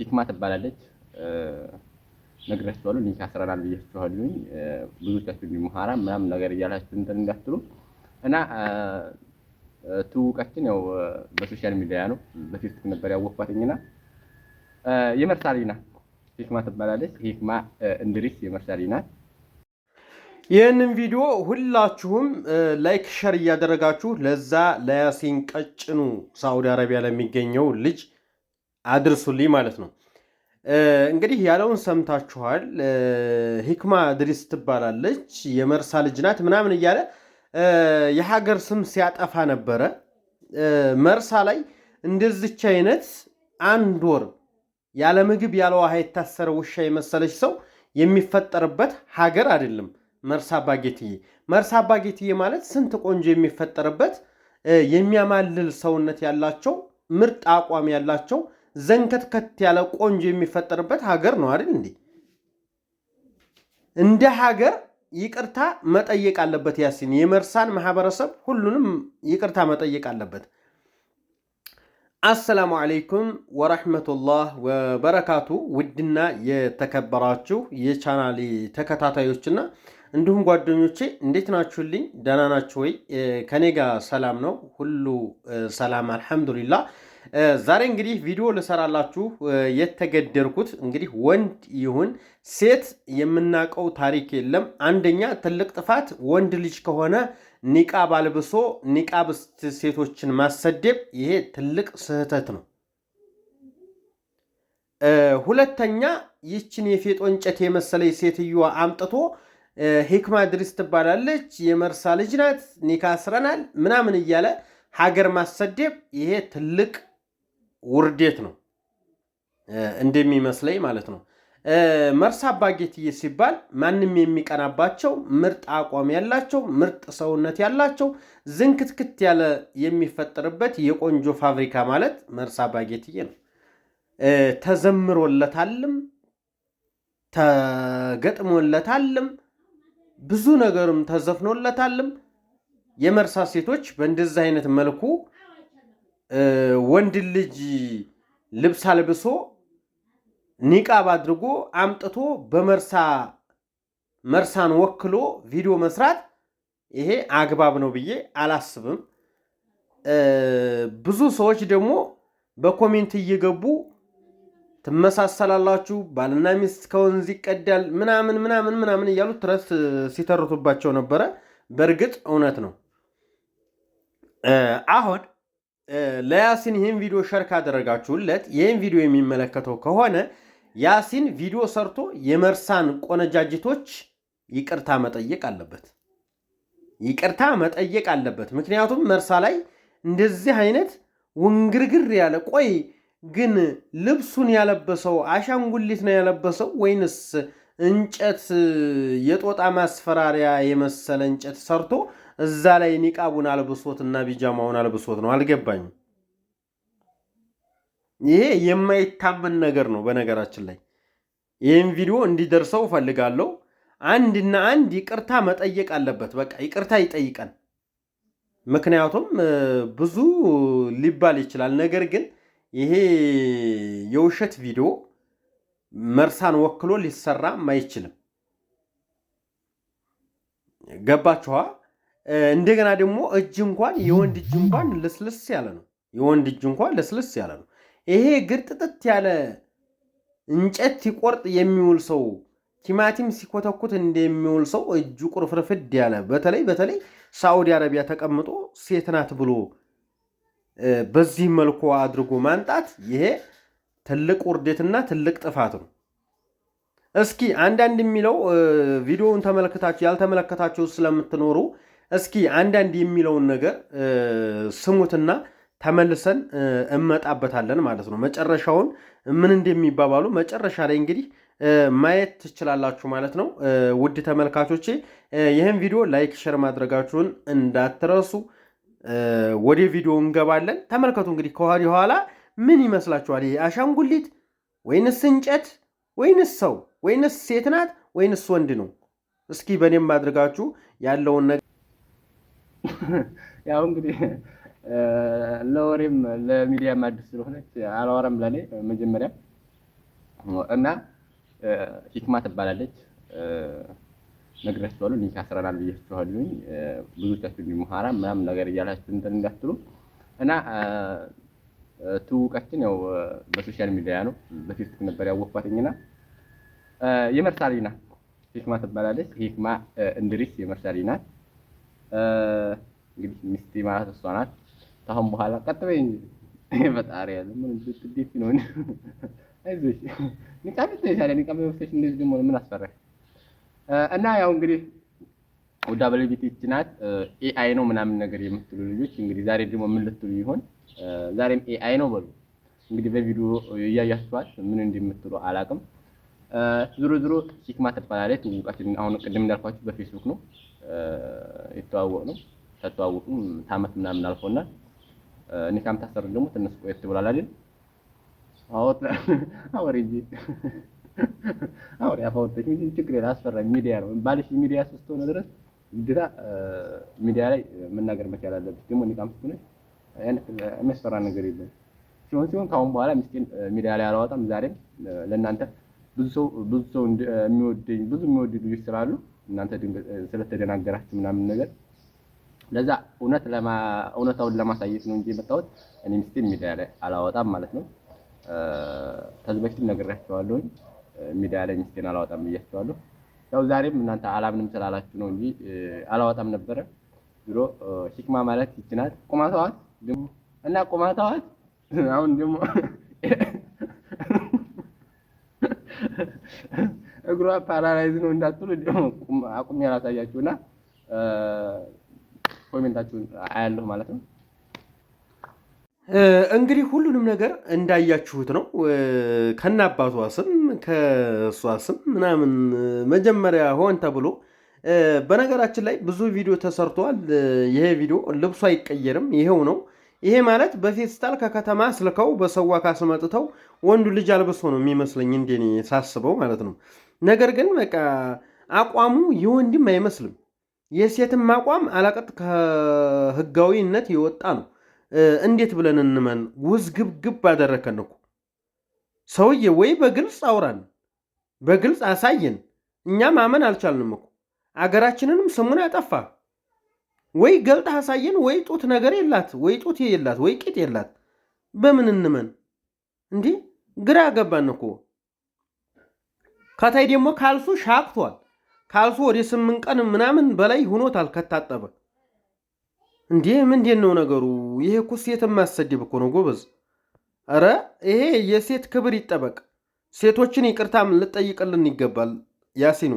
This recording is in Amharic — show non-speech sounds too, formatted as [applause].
ሂክማ ትባላለች። ነግራችኋለሁ። ሊንክ አስረናል ብያችኋለሁኝ። ብዙዎቻችሁ ቢመሃራ ምናምን ነገር እያላችሁ እንትን እንዳትሉ እና ትውውቃችን ያው በሶሻል ሚዲያ ነው። በፌስቡክ ነበር ያወቅኳትኝና የመርሳሊና ናት። ሂክማ ትባላለች። ሂክማ እንድሪስ የመርሳሊና ናት። ይህንን ቪዲዮ ሁላችሁም ላይክ ሸር እያደረጋችሁ ለዛ ለያሲን ቀጭኑ ሳኡዲ አረቢያ ለሚገኘው ልጅ አድርሱልኝ ማለት ነው። እንግዲህ ያለውን ሰምታችኋል። ሂክማ ድሪስ ትባላለች የመርሳ ልጅ ናት ምናምን እያለ የሀገር ስም ሲያጠፋ ነበረ። መርሳ ላይ እንደዚች አይነት አንድ ወር ያለ ምግብ ያለ ውሃ የታሰረ ውሻ የመሰለች ሰው የሚፈጠርበት ሀገር አይደለም መርሳ አባጌትዬ። መርሳ አባጌትዬ ማለት ስንት ቆንጆ የሚፈጠርበት የሚያማልል ሰውነት ያላቸው ምርጥ አቋም ያላቸው ዘንከትከት ያለ ቆንጆ የሚፈጠርበት ሀገር ነው አይደል እንዴ? እንደ ሀገር ይቅርታ መጠየቅ አለበት። ያሲን የመርሳን ማህበረሰብ ሁሉንም ይቅርታ መጠየቅ አለበት። አሰላሙ አለይኩም ወረሕመቱላህ ወበረካቱ። ውድና የተከበራችሁ የቻናሌ ተከታታዮችና እንዲሁም ጓደኞቼ እንዴት ናችሁልኝ? ደህና ናችሁ ወይ? ከኔ ጋር ሰላም ነው፣ ሁሉ ሰላም አልሐምዱሊላህ። ዛሬ እንግዲህ ቪዲዮ ልሰራላችሁ የተገደርኩት እንግዲህ ወንድ ይሁን ሴት የምናውቀው ታሪክ የለም። አንደኛ ትልቅ ጥፋት ወንድ ልጅ ከሆነ ኒቃብ አልብሶ ኒቃብ ሴቶችን ማሰደብ፣ ይሄ ትልቅ ስህተት ነው። ሁለተኛ ይችን የፌጦ እንጨት የመሰለች ሴትዮዋ አምጥቶ ሂክማ ድሪስ ትባላለች፣ የመርሳ ልጅ ናት፣ ኒካ አስረናል ምናምን እያለ ሀገር ማሰደብ፣ ይሄ ትልቅ ውርዴት ነው እንደሚመስለኝ ማለት ነው። መርሳ አባጌትዬ ሲባል ማንም የሚቀናባቸው ምርጥ አቋም ያላቸው ምርጥ ሰውነት ያላቸው ዝንክትክት ያለ የሚፈጠርበት የቆንጆ ፋብሪካ ማለት መርሳ አባጌትዬ ነው። ተዘምሮለታልም ተገጥሞለታልም ብዙ ነገርም ተዘፍኖለታልም። የመርሳ ሴቶች በእንደዚህ አይነት መልኩ ወንድ ልጅ ልብስ አልብሶ ኒቃብ አድርጎ አምጥቶ በመርሳ መርሳን ወክሎ ቪዲዮ መስራት ይሄ አግባብ ነው ብዬ አላስብም። ብዙ ሰዎች ደግሞ በኮሜንት እየገቡ ትመሳሰላላችሁ፣ ባልና ሚስት ከወንዝ ይቀዳል ምናምን ምናምን ምናምን እያሉ ትረስ ሲተርቱባቸው ነበረ። በእርግጥ እውነት ነው አሁን ለያሲን ይህን ቪዲዮ ሸር ካደረጋችሁለት ይህን ቪዲዮ የሚመለከተው ከሆነ ያሲን ቪዲዮ ሰርቶ የመርሳን ቆነጃጅቶች ይቅርታ መጠየቅ አለበት። ይቅርታ መጠየቅ አለበት። ምክንያቱም መርሳ ላይ እንደዚህ አይነት ውንግርግር ያለ ቆይ ግን ልብሱን ያለበሰው አሻንጉሊት ነው ያለበሰው ወይንስ እንጨት የጦጣ ማስፈራሪያ የመሰለ እንጨት ሰርቶ እዛ ላይ ኒቃቡን አልብሶት እና ቢጃማውን አልብሶት ነው። አልገባኝም። ይሄ የማይታመን ነገር ነው። በነገራችን ላይ ይህም ቪዲዮ እንዲደርሰው እፈልጋለሁ። አንድና አንድ ይቅርታ መጠየቅ አለበት። በቃ ይቅርታ ይጠይቀን። ምክንያቱም ብዙ ሊባል ይችላል። ነገር ግን ይሄ የውሸት ቪዲዮ መርሳን ወክሎ ሊሰራም አይችልም። ገባችኋ? እንደገና ደግሞ እጅ እንኳን የወንድ እጅ እንኳን ለስለስ ያለ ነው። የወንድ እጅ እንኳን ልስልስ ያለ ነው። ይሄ ግርጥጥት ያለ እንጨት ሲቆርጥ የሚውል ሰው ቲማቲም ሲኮተኩት እንደሚውል ሰው እጁ ቁርፍርፍድ ያለ በተለይ በተለይ ሳዑዲ አረቢያ ተቀምጦ ሴት ናት ብሎ በዚህ መልኩ አድርጎ ማንጣት ይሄ ትልቅ ውርደትና ትልቅ ጥፋት ነው። እስኪ አንዳንድ የሚለው ቪዲዮውን ተመለከታችሁ ያልተመለከታችሁ ስለምትኖሩ እስኪ አንዳንድ የሚለውን ነገር ስሙትና ተመልሰን እመጣበታለን ማለት ነው። መጨረሻውን ምን እንደሚባባሉ መጨረሻ ላይ እንግዲህ ማየት ትችላላችሁ ማለት ነው። ውድ ተመልካቾቼ ይህን ቪዲዮ ላይክ፣ ሸር ማድረጋችሁን እንዳትረሱ። ወደ ቪዲዮ እንገባለን። ተመልከቱ እንግዲህ ከኋላ ኋላ ምን ይመስላችኋል? ይሄ አሻንጉሊት ወይንስ እንጨት ወይንስ ሰው ወይንስ ሴት ናት ወይንስ ወንድ ነው? እስኪ በእኔም ማድረጋችሁ ያለውን ነገር ያው እንግዲህ ለወሬም ለሚዲያም አዲስ ስለሆነች አላወራም ብላለች መጀመሪያ እና ሂክማ ትባላለች። ነግራችኋለሁ። ሊንክ አስረናል ብያችኋለሁኝ። ብዙዎቻችሁ እንዲህ መሀራ ምናምን ነገር እያላችሁ እንትን እንዳትሉ እና ትውውቃችን ያው በሶሻል ሚዲያ ነው። በፌስቡክ ነበር ያወኳትኝና የመርሳ ናት። ሂክማ ትባላለች። ሂክማ እንድሪስ የመርሳ ናት። እንግዲህ ሚስቴ ማለት እሷ ናት። ታሁን በኋላ ቀጥበኝ እንጂ ፈጣሪ ያለ ምን ትዲፍ ነው። አይዞሽ ንቃም ትይሻለ ንቃም ወፍሽ እንደዚህ ደግሞ ምን አስፈራሽ? እና ያው እንግዲህ ወዳበለ ቢቲች ናት ኤአይ ነው ምናምን ነገር የምትሉ ልጆች እንግዲህ ዛሬ ደግሞ ምን ልትሉ ይሆን? ዛሬም ኤአይ ነው በሉ እንግዲህ በቪዲዮ እያያችኋት ምን እንደምትሉ አላቅም። ዝሮ ዝሮ ሲክማ ትባላለች። ትውውቃችን አሁን ቅድም እንዳልኳችሁ በፌስቡክ ነው የተዋወቅ ነው። ተተዋወቁም ታመት ምናምን አልፎና እኔ ካም ታሰር ደግሞ ትንሽ ቆየት ብሏል አይደል? አወት አወሪ እንጂ [laughs] አወሪ አፋውተኝ እንጂ ችግር የለም አስፈራኝ። ሚዲያ ነው ባልሽ ሚዲያ ስትሆነ ድረስ ግዴታ ሚዲያ ላይ መናገር መቻል አለብሽ። ደግሞ እኔ ካም ስትሆነ ያን የሚያስፈራ ነገር የለም። ሲሆን ሲሆን ከአሁን በኋላ ሚስቴን ሚዲያ ላይ አላወጣም። ዛሬም ለእናንተ ብዙ ሰው ብዙ ሰው የሚወደኝ ብዙ የሚወዱ ልጆች ስላሉ እናንተ ስለተደናገራችሁ ምናምን ነገር ለዛ እውነት እውነታውን ለማሳየት ነው እንጂ የመጣሁት እኔ ሚስቴ ሚዲያ ላይ አላወጣም ማለት ነው። ከዚህ በፊትም ነግሬያቸዋለሁኝ ሚዲያ ላይ ሚስቴን አላወጣም ብያቸዋለሁ። ያው ዛሬም እናንተ አላምንም ስላላችሁ ነው እንጂ አላወጣም ነበረ። ቢሮ ሂክማ ማለት ይችናል ቁማተዋት እና ቁማተዋት አሁን ደግሞ እግሯ ፓራላይዝ ነው እንዳትሉ አቁሜ አላሳያችሁ እና ኮሜንታችሁን አያለሁ ማለት ነው። እንግዲህ ሁሉንም ነገር እንዳያችሁት ነው። ከናባቷ ስም ከእሷ ስም ምናምን መጀመሪያ ሆን ተብሎ በነገራችን ላይ ብዙ ቪዲዮ ተሰርተዋል። ይሄ ቪዲዮ ልብሱ አይቀየርም፣ ይሄው ነው። ይሄ ማለት በፌስታል ከከተማ አስልከው በሰው አካስ መጥተው ወንዱ ልጅ አልብሶ ነው የሚመስለኝ እንደኔ ሳስበው ማለት ነው። ነገር ግን በቃ አቋሙ የወንድም አይመስልም። የሴትም አቋም አለቀጥ ከህጋዊነት የወጣ ነው። እንዴት ብለን እንመን? ውዝግብግብ አደረከን እኮ ሰውዬ። ወይ በግልጽ አውራን፣ በግልጽ አሳየን። እኛ ማመን አልቻልንም እኮ አገራችንንም ስሙን አጠፋ። ወይ ገልጣ አሳየን፣ ወይ ጡት ነገር የላት፣ ወይ ጡት የላት፣ ወይ ቂጥ የላት። በምን እንመን? እንዲህ ግራ ገባን እኮ። ከታይ ደግሞ ካልሱ ሻክቷል ካልሱ ወደ ስምንት ቀን ምናምን በላይ ሆኖታል ከታጠበ። እንዴ ምንድን ነው ነገሩ? ይሄ እኮ ሴት የማያሰድብ እኮ ነው ጎበዝ። ኧረ ይሄ የሴት ክብር ይጠበቅ። ሴቶችን ይቅርታም ልጠይቅልን ይገባል። ያሲኑ